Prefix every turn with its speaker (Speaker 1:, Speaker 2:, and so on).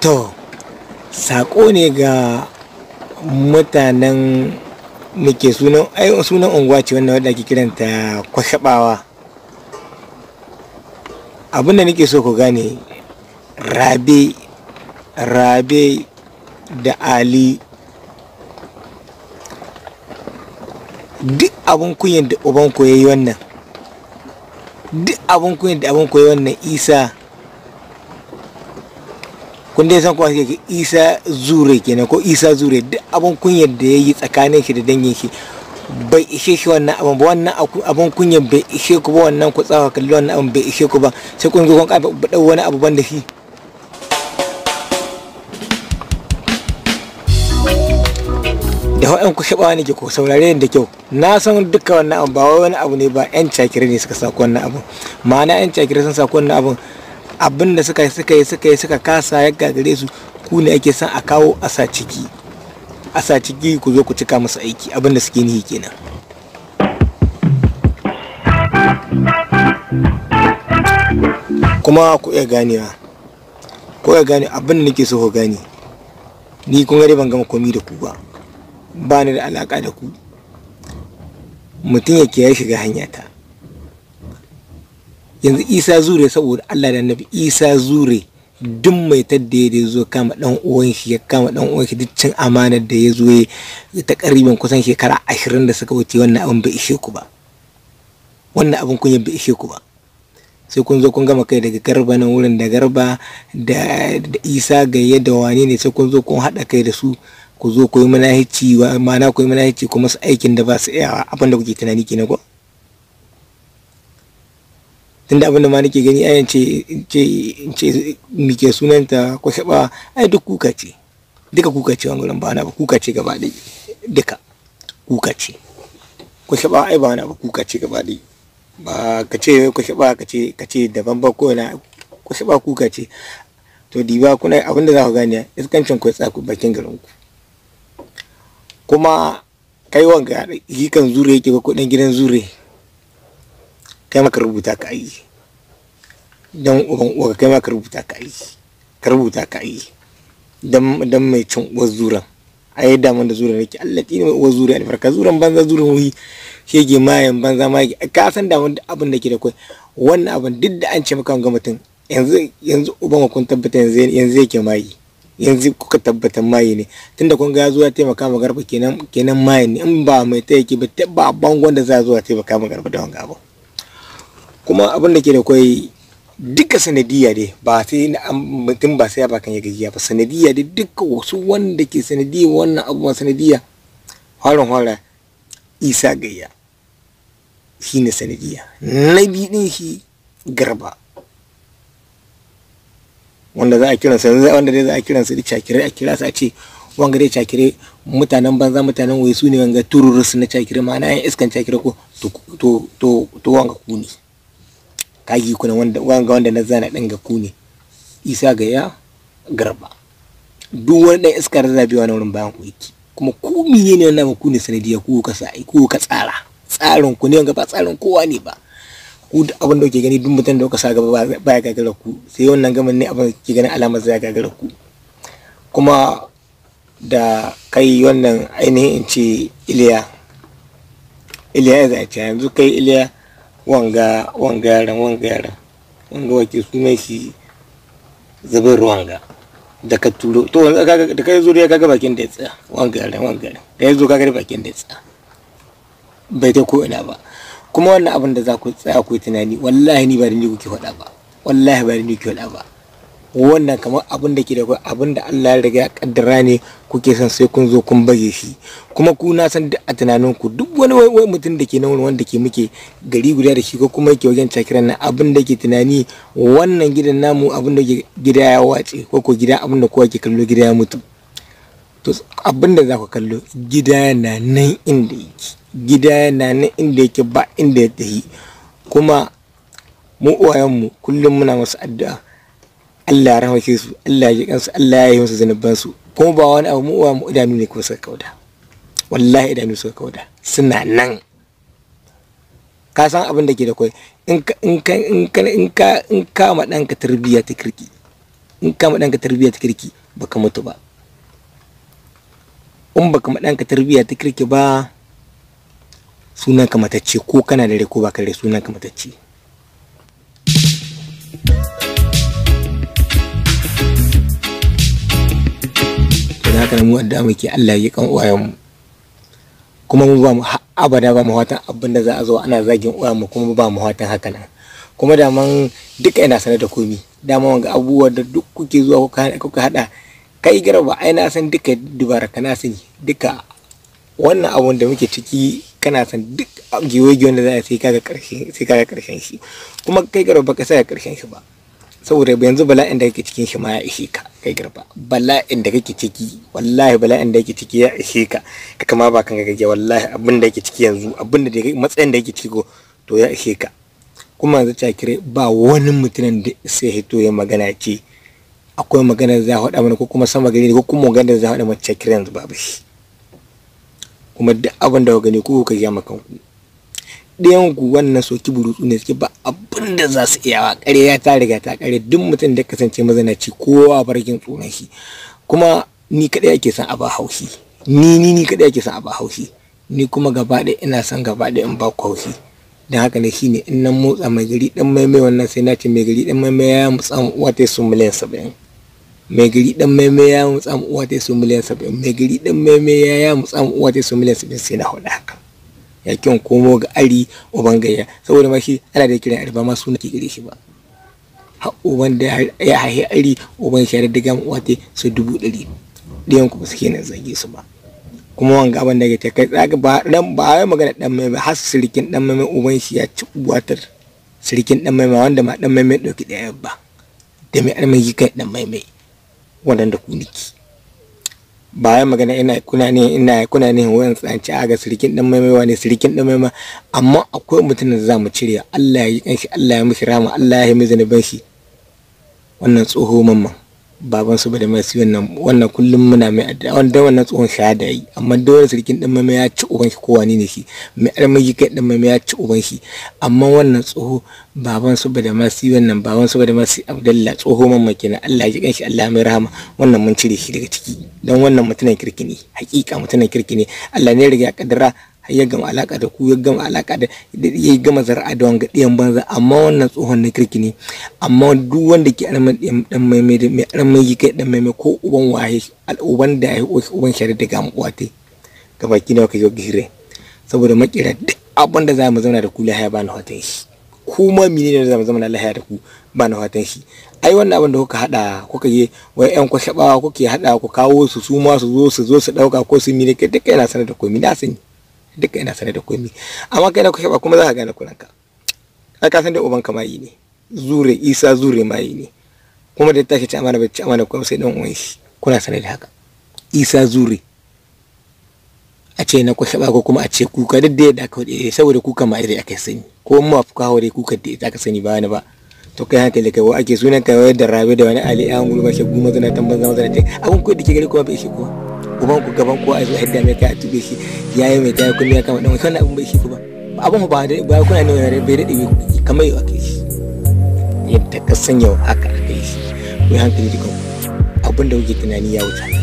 Speaker 1: to saƙo ne ga mutanen muke sunan ai sunan unguwa ce wannan wadda ake kiranta kwashabawa abin da nake so ku gane rabe rabe da ali duk abin kunyan da uban koyayi wannan duk abin kunyan da abin koyayi wannan isa kun dai san ko ake isa zure kenan ko isa zure duk abin kunya da ya yi tsakanin shi da dangin shi bai ishe shi wannan abin ba wannan abin kunya bai ishe ku ba wannan ku tsawa kallon wannan abin bai ishe ku ba sai kun zo kun kafa dau wani abu ban da shi da waɗan ku shaɓa ne ke ko saurare da kyau na san duka wannan abu ba wani abu ne ba 'yan cakire ne suka sako wannan abin ma'ana 'yan cakire sun sako wannan abin abin da suka suka yi suka yi suka kasa ya gagare su ku ne ake son a kawo a sa ciki a sa ciki ku zo ku cika musu aiki abin da suke nihi kenan kuma ku iya ganewa ko ya gane abin da nake so ku gane ni kun gari ban gama komi da ku ba ba ni da alaka da ku mutum ya ya shiga hanyata yanzu isa zure saboda allah da annabi isa zure duk mai tadda da zo kama dan uwan shi ya kama dan uwan shi duk cin amanar da ya zo ya ta karibin kusan shekara ashirin da suka wuce wannan abin bai ishe ku ba wannan abin kun bai ishe ku ba sai kun zo kun gama kai daga garba nan wurin da garba da isa ga da wani ne sai kun zo kun haɗa kai da su ku zo ku yi manahici ma'ana ku yi manahici kuma su aikin da ba su iya abin da kuke tunani kenan ko tunda abin da ma nake gani ayan ce ce ce sunanta ko shaba ai duk kuka ce duka kuka ce wannan ba na ba kuka ce gaba ɗaya duka kuka ce ko shaba ai ba na ba kuka ce gaba ɗaya ba ka ce ko shaba ka ce ka ce daban ba ko na ko shaba kuka ce to diba kuna abin da za ku gane iskancin ku tsaku bakin garin ku kuma kai wanga yi kan zure yake ba kudin gidan zure kai maka rubuta ka aiki dan uban uwa kai maka rubuta ka aiki ka rubuta ka aiki dan dan mai cin uwar zuran ai da mun da zuran nake Allah tini mai uwar zuran farka zuran banza zuran wuri shege mayan banza ma ka san da mun abin da ke da kai wannan abin duk da an ce maka ga mutum yanzu yanzu uban kun tabbata yanzu yanzu yake mayi yanzu kuka tabbatar maye ne tunda kun ga zuwa taimaka ma garba kenan kenan maye ne in ba mai ta ke, ba ba bangon da za zuwa taimaka ma garba da wanga ba. kuma abin da ke da kwai duka sanadiyya dai ba sai mutum ba sai bakan ya gajiya ba sanadiyya dai duka wasu wanda ke sanadiyya wannan abubuwan sanadiyya horon horon isa gayya shi ne sanadiyya na biyu din shi garba wanda za a kiransa wanda dai za a kiransa da cakirai a kira sa a ce wanga dai cakirai mutanen banza mutanen wai su ne wanga tururus na cakirai ma'ana yan iskan cakire ko to to to wanga kuni. ne kagi kuna wanda wanda na zana ɗan ga ku ne isa ga ya garba duk wani iska iskar zabi wani wurin bayan ku yake kuma ku miye ne na ku ne sanadiya ku ka sa ku ka tsara tsarin ku ne wanga ba tsarin kowa ne ba ku da abin da kuke gani duk mutum da kuka sa gaba ba ya gagara ku sai wannan gaman ne abin da kuke gani alamar za gagara ku kuma da kai wannan ainihin in ce iliya iliya ya zai yanzu kai iliya wanga wanga yaran wanga yaran wanga wake sunan shi zubar ruwanga da ka turo to da ka zo da ya kaga bakin da ya tsaya wanga yaran wanga yaran da ya zo kaga bakin da ya tsaya bai ta ko ina ba kuma wannan abin da za ku tsaya ku tunani wallahi ni ba da ni kuke faɗa ba wallahi ba da ni kuke faɗa ba wannan kamar abin da ke da abin da Allah ya riga ya kaddara ne kuke son sai kun zo kun bage shi kuma ku na san a tunanin ku duk wani wai mutum da ke nan wanda ke muke gari guda da shi ko kuma yake wajen cakiran nan abin da ke tunani wannan gidan namu abin da gida ya wace ko ko gida abin da kowa ke kallo gida ya mutu to abin da za ku kallo gida na nan inda yake gida na nan inda yake ba inda ya tafi kuma mu uwayenmu kullum muna masu addu'a Allah ya rahmace su Allah ya kansu Allah ya yi musu zanuban su kuma ba wani abu mu'uwa mu idanu ne kuma suka kauda wallahi idanu suka kauda suna nan ka san abin da ke da kwai in ka in ka in ka ma danka tarbiyya ta kirki in ka ma danka tarbiyya ta kirki baka mutu ba in baka ma danka tarbiyya ta kirki ba sunan ka matacce ko kana da rai ko baka da sunan ka matacce haka nan mu addu'a muke Allah ya kan uwayen mu kuma mu ba mu abada ba mu watan abin da za a zo ana zagin uwayen mu kuma ba mu watan haka nan kuma da man duka ina sanar da komi dama ga abubuwa da duk kuke zuwa kuka hada kai garba ai na san duka dubara kana sani duka wannan abun da muke ciki kana san duk giwe wanda da za a sai kaga karshen shi kuma kai garba ka sa karshen shi ba saboda yanzu bala'in da kake cikin shi ma ya ishe ka kai girba bala'in da kake ciki wallahi bala'in da kake ciki ya ishe ka ka kama ba kan gage wallahi abin da kake ciki yanzu abin da matsayin da kake ciki to ya ishe ka kuma yanzu cakire ba wani mutumin da sai hito ya magana ce akwai magana da za a faɗa mana ko kuma sama gani ko kuma magana da za a faɗa mana cakire yanzu babu shi kuma duk abin da gani ko ka yi makan kanku ɗayan ku wannan soki burutsu ne suke ba abin da za su iya wa kare ya ta riga ta kare duk mutum da kasance mazanaci kowa bargin tsoron shi kuma ni kaɗai ake san a ba haushi ni ni ni kaɗai ake san a ba haushi ni kuma gaba ɗaya ina san gaba ɗaya in ba ku haushi don haka ne shine in nan motsa mai gari ɗan maimai wannan sai na ce mai gari ɗan maimai ya mutsa uwa ta su miliyan saba'in mai gari dan maimai ya mutsa uwa ta su miliyan saba'in mai gari dan maimai ya mutsa uwa ta su miliyan saba'in sai na haɗa haka ya yakin komo ga ari uban gayya saboda ma shi ana da kiran ari ba ma suna ke gare shi ba uban da ya haihi ari uban shi da daga wata su dubu ɗari ɗayan kuma suke nan zage su ba kuma wanga abin da ke ta kai tsaga ba dan ba wai magana dan mai har sirkin dan mai uban shi ya ci buwatar sirkin dan mai wanda ma dan mai mai dauki ɗaya ba da mai armai kai dan mai mai wadanda ku niki ba magana ina kuna ne ina kuna ne wayan tsanci aga sirkin dan mai ne sirkin dan mai amma akwai mutumin da zamu cire Allah ya yi kanshi Allah ya mishi rama Allah ya yi mai shi wannan tsoho mamman baban su da masu wannan wannan kullum muna mai addu'a wanda wannan tsohon shahada yi amma dole sarkin dan mamaya ya ci uban shi ko wani ne shi mai armiji kai dan mamaya ya ci uban shi amma wannan tsoho baban su da mai wannan baban su da mai abdullahi tsoho mamma kenan Allah ya kanshi Allah mai rahama wannan mun cire shi daga ciki dan wannan mutumin kirki ne hakika mutumin kirki ne Allah ne ya riga kaddara ya gama alaka da ku ya gama alaka da ya gama zara'a da wanga ɗiyan banza amma wannan tsohon na kirki ne amma duk wanda ke arman ɗan mai da mai arman yi kai ɗan maimai ko uban waye al'uban da ya yi uban shari'a da gamu kwate gabaki nawa kai yogi hire saboda makira duk abin da za mu zauna da ku lahiya ba na hoton shi kuma mine ne za mu zauna lahiya da ku ba na hoton shi ai wannan abin da kuka hada kuka yi wai yan kwashabawa kuke hada ku kawo su su ma su zo su zo su dauka ko su mine kai duka yana sanar da ku mine sani duka ina sane da komai amma kai na ku ba kuma za ka gane kuranka ai ka san da uban mai ne zure isa zure mai ne kuma da tashi ta amana bai ci amana kuma sai dan uwan shi kuna sane da haka isa zure a ce na ku ba ko kuma a ce kuka duk da yadda ka wade eh, saboda kuka ma da kai sani ko mu ma fuka hore kuka da ka sani ba wani ba to kai hankali kai wa ake sunan ka wayar da rabe da wani ali an gulma shi guma zana tamban zana ta abun ko da ke gari kuma bai shi ko uban ku gaban ko a zo hidda mai kai a tube shi yi mai kai kuma ya kama dan wannan abin bai shi ku ba abun ba da ba kuna ne bai dade kamar yau ake shi yadda ka sanya yau haka a yi shi ku hankali dukan abin da kuke tunani ya wuce